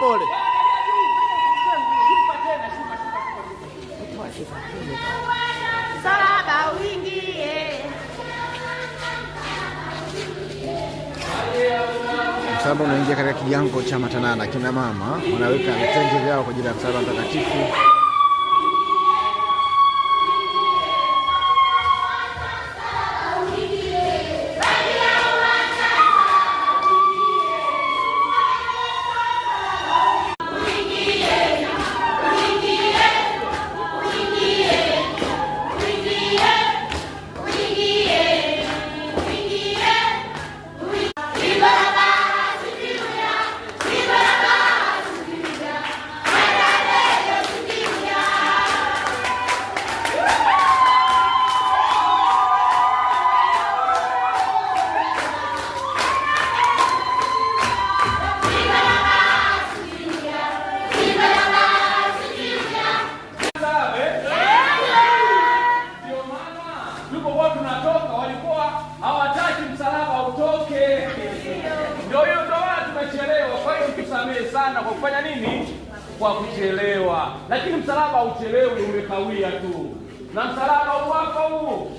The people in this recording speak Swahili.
pole. Salaba uingie. Msalaba unaingia katika kijango cha Matanana. Kina mama wanaweka vitenge vyao kwa ajili ya msalaba mtakatifu. kusamehe sana kwa kufanya nini? Kwa kuchelewa. Lakini msalaba hauchelewi, umekawia tu, na msalaba uwako huu